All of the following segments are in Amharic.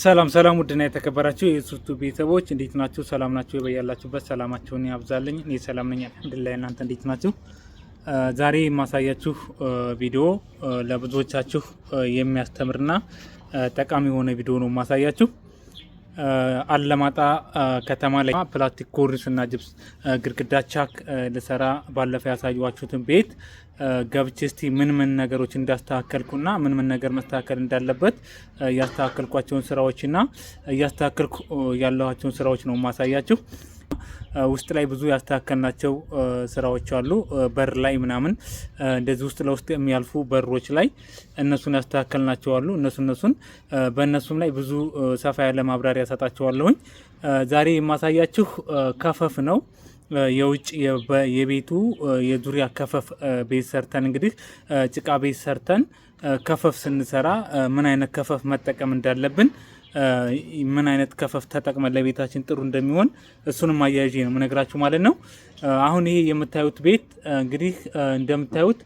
ሰላም ሰላም ውድና የተከበራችሁ የሱርቱ ቤተሰቦች እንዴት ናችሁ? ሰላም ናችሁ? በያላችሁበት ሰላማችሁን ያብዛልኝ። እኔ ሰላም ነኝ አልሐምዱሊላህ። እናንተ እንዴት ናችሁ? ዛሬ የማሳያችሁ ቪዲዮ ለብዙዎቻችሁ የሚያስተምርና ጠቃሚ የሆነ ቪዲዮ ነው የማሳያችሁ አለማጣ ከተማ ላይ ፕላስቲክ ኮርኒስ እና ጅብስ ግድግዳ ቻክ ልሰራ ባለፈ ያሳዩዋችሁትን ቤት ገብቼ እስቲ ምን ምን ነገሮች እንዳስተካከልኩና ምን ምን ነገር መስተካከል እንዳለበት ያስተካከልኳቸውን ስራዎችና እያስተካከልኩ ያለኋቸውን ስራዎች ነው ማሳያችሁ። ውስጥ ላይ ብዙ ያስተካከልናቸው ስራዎች አሉ። በር ላይ ምናምን እንደዚህ ውስጥ ለውስጥ የሚያልፉ በሮች ላይ እነሱን ያስተካከልናቸው አሉ። እነሱ እነሱን በእነሱም ላይ ብዙ ሰፋ ያለ ማብራሪያ ሰጣቸዋለሁኝ። ዛሬ የማሳያችሁ ከፈፍ ነው። የውጭ የቤቱ የዙሪያ ከፈፍ ቤት ሰርተን እንግዲህ ጭቃ ቤት ሰርተን ከፈፍ ስንሰራ ምን አይነት ከፈፍ መጠቀም እንዳለብን ምን አይነት ከፈፍ ተጠቅመን ለቤታችን ጥሩ እንደሚሆን እሱንም አያይዤ ነው የምነግራችሁ ማለት ነው። አሁን ይሄ የምታዩት ቤት እንግዲህ እንደምታዩት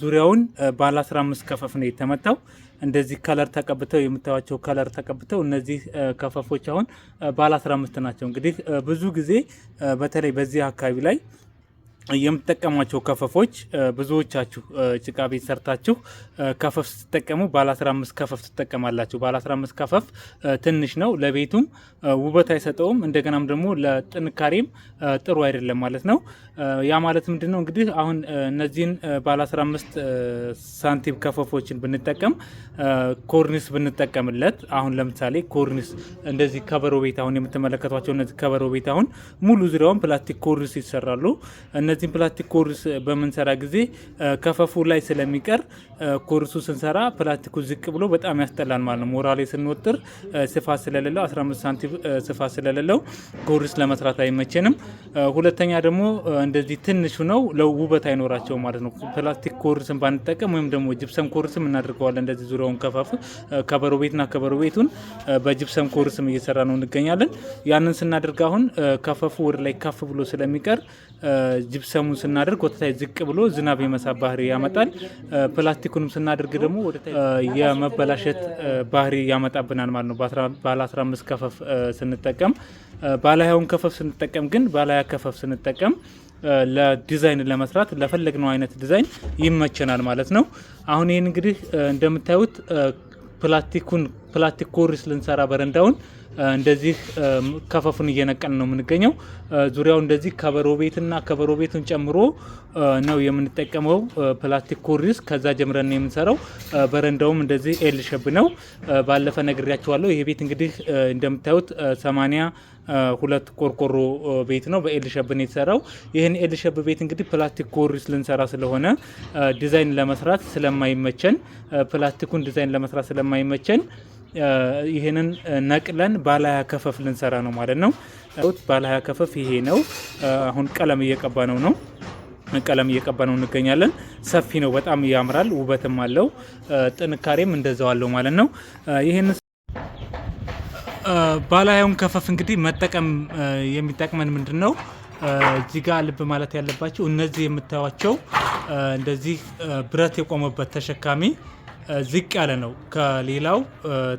ዙሪያውን ባለ 15 ከፈፍ ነው የተመታው። እንደዚህ ከለር ተቀብተው የምታዩቸው ከለር ተቀብተው እነዚህ ከፈፎች አሁን ባለ 15 ናቸው። እንግዲህ ብዙ ጊዜ በተለይ በዚህ አካባቢ ላይ የምትጠቀሟቸው ከፈፎች ብዙዎቻችሁ ጭቃ ቤት ሰርታችሁ ከፈፍ ስትጠቀሙ ባለ 15 ከፈፍ ትጠቀማላችሁ። ባለ 15 ከፈፍ ትንሽ ነው፣ ለቤቱም ውበት አይሰጠውም፣ እንደገናም ደግሞ ለጥንካሬም ጥሩ አይደለም ማለት ነው። ያ ማለት ምንድን ነው እንግዲህ አሁን እነዚህን ባለ 15 ሳንቲም ከፈፎችን ብንጠቀም ኮርኒስ ብንጠቀምለት፣ አሁን ለምሳሌ ኮርኒስ እንደዚህ ከበሮ ቤት አሁን የምትመለከቷቸው እነዚህ ከበሮ ቤት አሁን ሙሉ ዙሪያውን ፕላስቲክ ኮርኒስ ይሰራሉ። እነዚህን ፕላስቲክ ኮርስ በምንሰራ ጊዜ ከፈፉ ላይ ስለሚቀር ኮርሱ ስንሰራ ፕላስቲኩ ዝቅ ብሎ በጣም ያስጠላል ማለት ነው። ሞራሌ ላይ ስንወጥር ስፋት ስለሌለው 15 ሳንቲም ስፋት ስለሌለው ኮርስ ለመስራት አይመቸንም። ሁለተኛ ደግሞ እንደዚህ ትንሹ ነው ለውበት አይኖራቸው ማለት ነው። ፕላስቲክ ኮርስን ባንጠቀም ወይም ደግሞ ጅብሰም ኮርስም እናደርገዋለን እንደዚህ ዙሪያውን ከፋፍ ከበሮ ቤትና ከበሮ ቤቱን በጅብሰም ኮርስም እየሰራ ነው እንገኛለን። ያንን ስናደርግ አሁን ከፈፉ ወደ ላይ ከፍ ብሎ ስለሚቀር ጂፕሰሙን ስናደርግ ወተታይ ዝቅ ብሎ ዝናብ የመሳብ ባህሪ ያመጣል። ፕላስቲኩንም ስናደርግ ደግሞ የመበላሸት ባህሪ ያመጣብናል ማለት ነው። ባለ 15 ከፈፍ ስንጠቀም ባላያውን ከፈፍ ስንጠቀም ግን ባላያ ከፈፍ ስንጠቀም ለዲዛይን ለመስራት ለፈለግነው አይነት ዲዛይን ይመቸናል ማለት ነው። አሁን ይህን እንግዲህ እንደምታዩት ፕላስቲኩን ፕላስቲክ ኮሪስ ልንሰራ በረንዳውን እንደዚህ ከፈፉን እየነቀን ነው የምንገኘው። ዙሪያው እንደዚህ ከበሮ ቤትና ከበሮ ቤቱን ጨምሮ ነው የምንጠቀመው ፕላስቲክ ኮርኒስ። ከዛ ጀምረን ነው የምንሰራው። በረንዳውም እንደዚህ ኤል ሸብ ነው። ባለፈ ነግሬያቸዋለሁ። ይሄ ቤት እንግዲህ እንደምታዩት ሰማንያ ሁለት ቆርቆሮ ቤት ነው። በኤል ሸብ ነው የተሰራው። ይህን ኤል ሸብ ቤት እንግዲህ ፕላስቲክ ኮርኒስ ልንሰራ ስለሆነ ዲዛይን ለመስራት ስለማይመቸን ፕላስቲኩን ዲዛይን ለመስራት ስለማይመቸን ይሄንን ነቅለን ባላያ ከፈፍ ልንሰራ ነው ማለት ነው። ባለ ከፈፍ ይሄ ነው። አሁን ቀለም እየቀባ ነው ነው ቀለም እየቀባ ነው እንገኛለን። ሰፊ ነው፣ በጣም ያምራል፣ ውበትም አለው፣ ጥንካሬም እንደዛው አለው ማለት ነው። ይህን ባላዩን ከፈፍ እንግዲህ መጠቀም የሚጠቅመን ምንድን ነው? እዚህ ጋ ልብ ማለት ያለባቸው እነዚህ የምታዩቸው እንደዚህ ብረት የቆመበት ተሸካሚ ዝቅ ያለ ነው። ከሌላው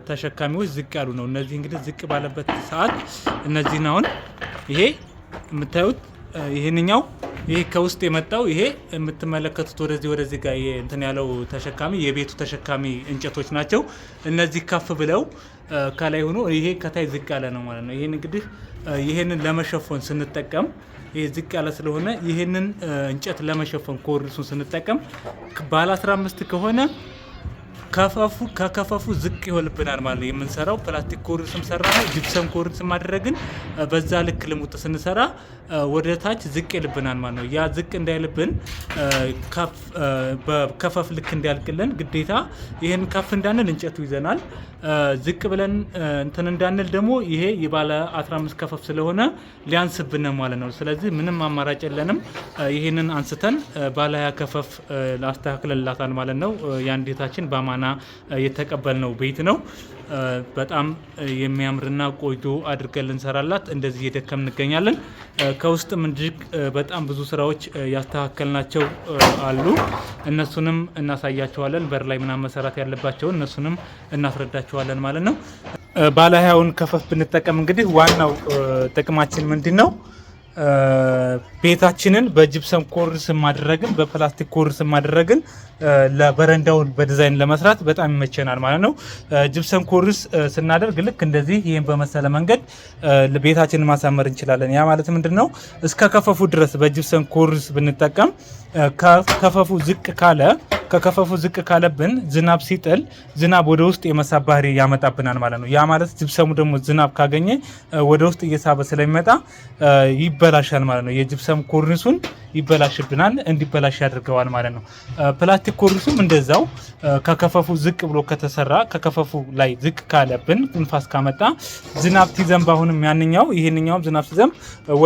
ተሸካሚዎች ዝቅ ያሉ ነው። እነዚህ እንግዲህ ዝቅ ባለበት ሰዓት እነዚህን አሁን ይሄ የምታዩት ይህንኛው ይሄ ከውስጥ የመጣው ይሄ የምትመለከቱት ወደዚህ ወደዚህ ጋር እንትን ያለው ተሸካሚ የቤቱ ተሸካሚ እንጨቶች ናቸው። እነዚህ ከፍ ብለው ከላይ ሆኖ ይሄ ከታይ ዝቅ ያለ ነው ማለት ነው። ይህን እንግዲህ ይህንን ለመሸፈን ስንጠቀም ይሄ ዝቅ ያለ ስለሆነ ይህንን እንጨት ለመሸፈን ኮርሱን ስንጠቀም ባለ 15 ከሆነ ከፈፉ ከከፈፉ ዝቅ ይሆንብናል ማለት ነው የምንሰራው። ፕላስቲክ ኮርኒስም ሰራ ነው ጅብሰም ኮርኒስም አደረግን። በዛ ልክ ልሙጥ ስንሰራ ወደ ታች ዝቅ ይልብናል ማለት ነው። ያ ዝቅ እንዳይልብን ከፈፍ ልክ እንዲያልቅልን ግዴታ ይህን ከፍ እንዳንል እንጨቱ ይዘናል። ዝቅ ብለን እንትን እንዳንል ደግሞ ይሄ የባለ 15 ከፈፍ ስለሆነ ሊያንስብን ማለት ነው። ስለዚህ ምንም አማራጭ የለንም። ይህንን አንስተን ባለ 20 ከፈፍ ላስተካክለላታል ማለት ነው። ያንዴታችን በማና ትናንትና የተቀበልነው ቤት ነው። በጣም የሚያምርና ቆይቶ አድርገን ልንሰራላት እንደዚህ እየደከም እንገኛለን። ከውስጥም እጅግ በጣም ብዙ ስራዎች ያስተካከልናቸው አሉ። እነሱንም እናሳያቸዋለን። በር ላይ ምናምን መሰራት ያለባቸውን እነሱንም እናስረዳቸዋለን ማለት ነው። ባለ ሀያውን ከፈፍ ብንጠቀም እንግዲህ ዋናው ጥቅማችን ምንድን ነው? ቤታችንን በጅብሰም ኮርስ ማድረግን በፕላስቲክ ኮርስ ማድረግን ለበረንዳውን በዲዛይን ለመስራት በጣም ይመቸናል ማለት ነው። ጅብሰም ኮርስ ስናደርግ ልክ እንደዚህ ይህን በመሰለ መንገድ ቤታችንን ማሳመር እንችላለን። ያ ማለት ምንድን ነው? እስከ ከፈፉ ድረስ በጅብሰም ኮርስ ብንጠቀም ከፈፉ ዝቅ ካለ ከከፈፉ ዝቅ ካለብን ዝናብ ሲጥል ዝናብ ወደ ውስጥ የመሳብ ባህሪ ያመጣብናል ማለት ነው። ያ ማለት ጅብሰሙ ደግሞ ዝናብ ካገኘ ወደ ውስጥ እየሳበ ስለሚመጣ ይበላሻል ማለት ነው። የጅብሰም ኮርኒሱን ይበላሽብናል፣ እንዲበላሽ ያደርገዋል ማለት ነው። ፕላስቲክ ኮርኒሱም እንደዛው ከከፈፉ ዝቅ ብሎ ከተሰራ ከከፈፉ ላይ ዝቅ ካለብን ንፋስ ካመጣ ዝናብ ሲዘንብ አሁንም ያንኛው ይህንኛውም ዝናብ ሲዘንብ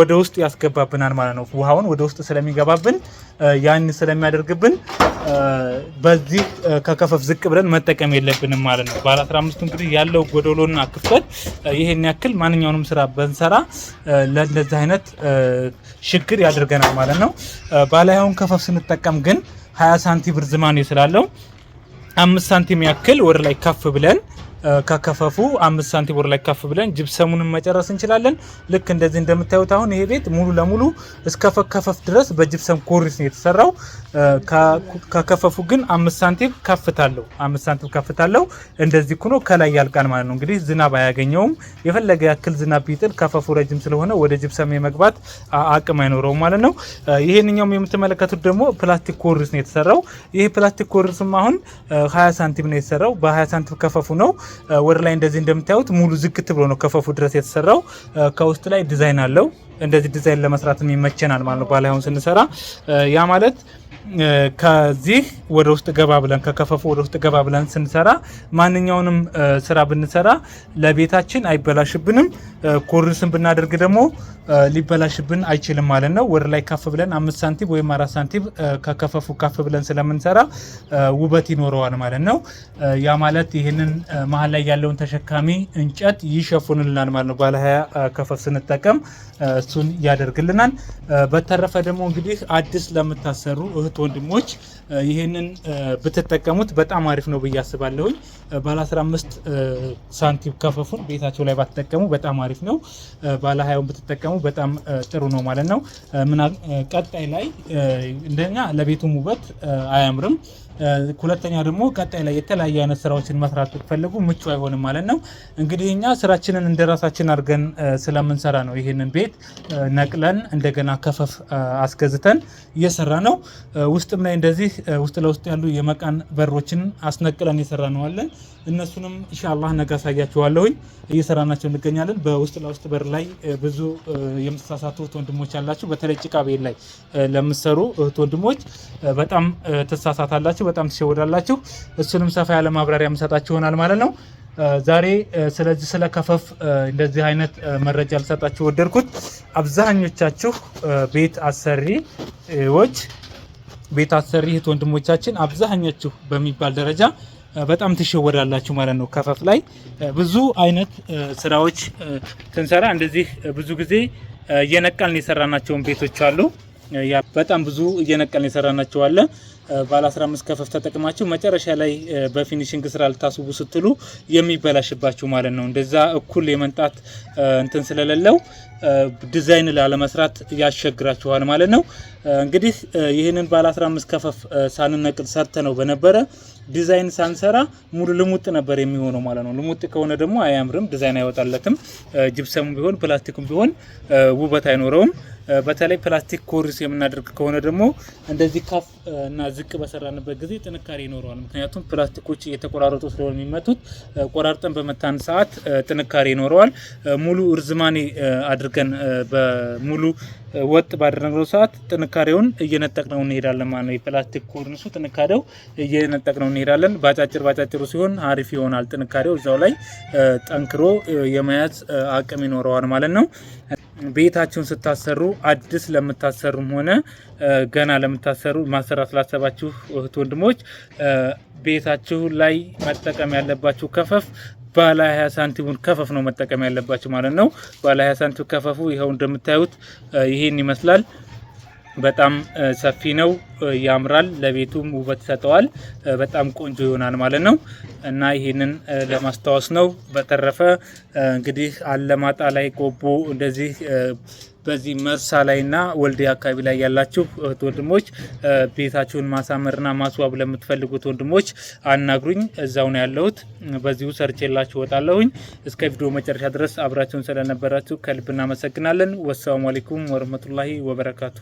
ወደ ውስጥ ያስገባብናል ማለት ነው። ውሃውን ወደ ውስጥ ስለሚገባብን ያን ስለሚያደርግብን በዚህ ከከፈፍ ዝቅ ብለን መጠቀም የለብንም ማለት ነው። ባለ 15 እንግዲህ ያለው ጎደሎና ክፍተት ይሄን ያክል ማንኛውንም ስራ በንሰራ ለእንደዚህ አይነት ችግር ያደርገናል ማለት ነው። ባላይሁን ከፈፍ ስንጠቀም ግን 20 ሳንቲም ርዝማኔ ስላለው አምስት ሳንቲም ያክል ወደ ላይ ከፍ ብለን ከከፈፉ አምስት ሳንቲም ወር ላይ ከፍ ብለን ጅብሰሙንም መጨረስ እንችላለን። ልክ እንደዚህ እንደምታዩት አሁን ይሄ ቤት ሙሉ ለሙሉ እስከ ከፈፍ ድረስ በጅብሰም ኮሪስ ነው የተሰራው። ከከፈፉ ግን አምስት ሳንቲም ከፍታለሁ፣ አምስት ሳንቲም ከፍታለው እንደዚህ ኩኖ ከላይ ያልቃል ማለት ነው። እንግዲህ ዝናብ አያገኘውም። የፈለገ ያክል ዝናብ ቢጥል ከፈፉ ረጅም ስለሆነ ወደ ጅብሰም የመግባት አቅም አይኖረውም ማለት ነው። ይሄንኛውም የምትመለከቱት ደግሞ ፕላስቲክ ኮሪስ ነው የተሰራው። ይሄ ፕላስቲክ ኮሪስም አሁን 20 ሳንቲም ነው የተሰራው። በ20 ሳንቲም ከፈፉ ነው ወደ ላይ እንደዚህ እንደምታዩት ሙሉ ዝክት ብሎ ነው ከፈፉ ድረስ የተሰራው። ከውስጥ ላይ ዲዛይን አለው እንደዚህ ዲዛይን ለመስራትም ይመቸናል ማለት ነው። ባላይሆን ስንሰራ ያ ማለት ከዚህ ወደ ውስጥ ገባ ብለን ከከፈፉ ወደ ውስጥ ገባ ብለን ስንሰራ ማንኛውንም ስራ ብንሰራ ለቤታችን አይበላሽብንም። ኮርኒስን ብናደርግ ደግሞ ሊበላሽብን አይችልም ማለት ነው። ወደ ላይ ከፍ ብለን አምስት ሳንቲም ወይም አራት ሳንቲም ከከፈፉ ከፍ ብለን ስለምንሰራ ውበት ይኖረዋል ማለት ነው። ያ ማለት ይህንን መሀል ላይ ያለውን ተሸካሚ እንጨት ይሸፍንልናል ማለት ነው። ባለ ሀያ ከፈፍ ስንጠቀም እሱን ያደርግልናል። በተረፈ ደግሞ እንግዲህ አዲስ ለምታሰሩ እህት ወንድሞች ይህንን ብትጠቀሙት በጣም አሪፍ ነው ብዬ አስባለሁኝ። ባለ 15 ሳንቲም ከፈፉን ቤታቸው ላይ ባትጠቀሙ በጣም አሪፍ ነው። ባለ 20ውን ብትጠቀሙ በጣም ጥሩ ነው ማለት ነው። ምና ቀጣይ ላይ እንደኛ ለቤቱም ውበት አያምርም። ሁለተኛ ደግሞ ቀጣይ ላይ የተለያዩ አይነት ስራዎችን መስራት ብትፈልጉ ምቹ አይሆንም ማለት ነው። እንግዲህ እኛ ስራችንን እንደ ራሳችን አድርገን ስለምንሰራ ነው ይህንን ቤት ነቅለን እንደገና ከፈፍ አስገዝተን እየሰራ ነው። ውስጥም ላይ እንደዚህ ውስጥ ለውስጥ ያሉ የመቃን በሮችን አስነቅለን እየሰራ ነው አለ። እነሱንም ኢንሻአላህ ነገ አሳያችኋለሁኝ። እየሰራናቸው እንገኛለን። በውስጥ ለውስጥ በር ላይ ብዙ የምትሳሳቱት ወንድሞች አላችሁ። በተለይ ጭቃ ቤት ላይ ለምትሰሩ እህት ወንድሞች በጣም ትሳሳታላችሁ፣ በጣም ትሸወዳላችሁ። እሱንም ሰፋ ያለ ማብራሪያ የምሰጣችሁ ይሆናል ማለት ነው። ዛሬ ስለዚህ ስለ ከፈፍ እንደዚህ አይነት መረጃ ልሰጣችሁ ወደድኩት። አብዛኞቻችሁ ቤት አሰሪዎች ቤት አሰሪ እህት ወንድሞቻችን አብዛኛችሁ በሚባል ደረጃ በጣም ትሸወዳላችሁ ማለት ነው። ከፈፍ ላይ ብዙ አይነት ስራዎች ስንሰራ እንደዚህ ብዙ ጊዜ እየነቀልን የሰራናቸውን ቤቶች አሉ። በጣም ብዙ እየነቀልን የሰራናቸው አለ። ባለ 15 ከፈፍ ተጠቅማችሁ መጨረሻ ላይ በፊኒሽንግ ስራ ልታስቡ ስትሉ የሚበላሽባችሁ ማለት ነው። እንደዛ እኩል የመንጣት እንትን ስለሌለው ዲዛይን ላለመስራት ያስቸግራችኋል ማለት ነው። እንግዲህ ይህንን ባለ 15 ከፈፍ ሳንነቅል ሰርተ ነው በነበረ ዲዛይን ሳንሰራ ሙሉ ልሙጥ ነበር የሚሆነው ማለት ነው። ልሙጥ ከሆነ ደግሞ አያምርም፣ ዲዛይን አይወጣለትም። ጅብሰም ቢሆን ፕላስቲኩም ቢሆን ውበት አይኖረውም። በተለይ ፕላስቲክ ኮርስ የምናደርግ ከሆነ ደግሞ እንደዚህ ካፍ እና ዝቅ በሰራንበት ጊዜ ጥንካሬ ይኖረዋል። ምክንያቱም ፕላስቲኮች እየተቆራረጡ ስለሆነ የሚመቱት ቆራርጠን በመታን ሰዓት ጥንካሬ ይኖረዋል። ሙሉ እርዝማኔ አድርገን በሙሉ ወጥ ባደረግነው ሰዓት ጥንካሬውን እየነጠቅነው እንሄዳለን ማለት ነው። የፕላስቲክ ኮርንሱ ጥንካሬው እየነጠቅነው እንሄዳለን። በጫጭር ባጫጭሩ ሲሆን አሪፍ ይሆናል። ጥንካሬው እዛው ላይ ጠንክሮ የመያዝ አቅም ይኖረዋል ማለት ነው። ቤታችሁን ስታሰሩ አዲስ ለምታሰሩም ሆነ ገና ለምታሰሩ ማሰራት ላሰባችሁ እህት ወንድሞች ቤታችሁ ላይ መጠቀም ያለባችሁ ከፈፍ ባለ 20 ሳንቲሙን ከፈፍ ነው መጠቀም ያለባችሁ ማለት ነው። ባለ 20 ሳንቲም ከፈፉ ይኸው እንደምታዩት ይህን ይመስላል። በጣም ሰፊ ነው፣ ያምራል፣ ለቤቱም ውበት ይሰጠዋል። በጣም ቆንጆ ይሆናል ማለት ነው እና ይህንን ለማስታወስ ነው። በተረፈ እንግዲህ አለማጣ ላይ ቆቦ እንደዚህ በዚህ መርሳ ላይና ወልዲያ አካባቢ ላይ ያላችሁ እህት ወንድሞች ቤታችሁን ማሳመርና ማስዋብ ለምትፈልጉት ወንድሞች አናግሩኝ። እዛው ነው ያለሁት። በዚሁ ሰርች የላችሁ ወጣለሁኝ። እስከ ቪዲዮ መጨረሻ ድረስ አብራችሁን ስለነበራችሁ ከልብ እናመሰግናለን። ወሰላሙ አሌይኩም ወረህመቱላሂ ወበረካቱ።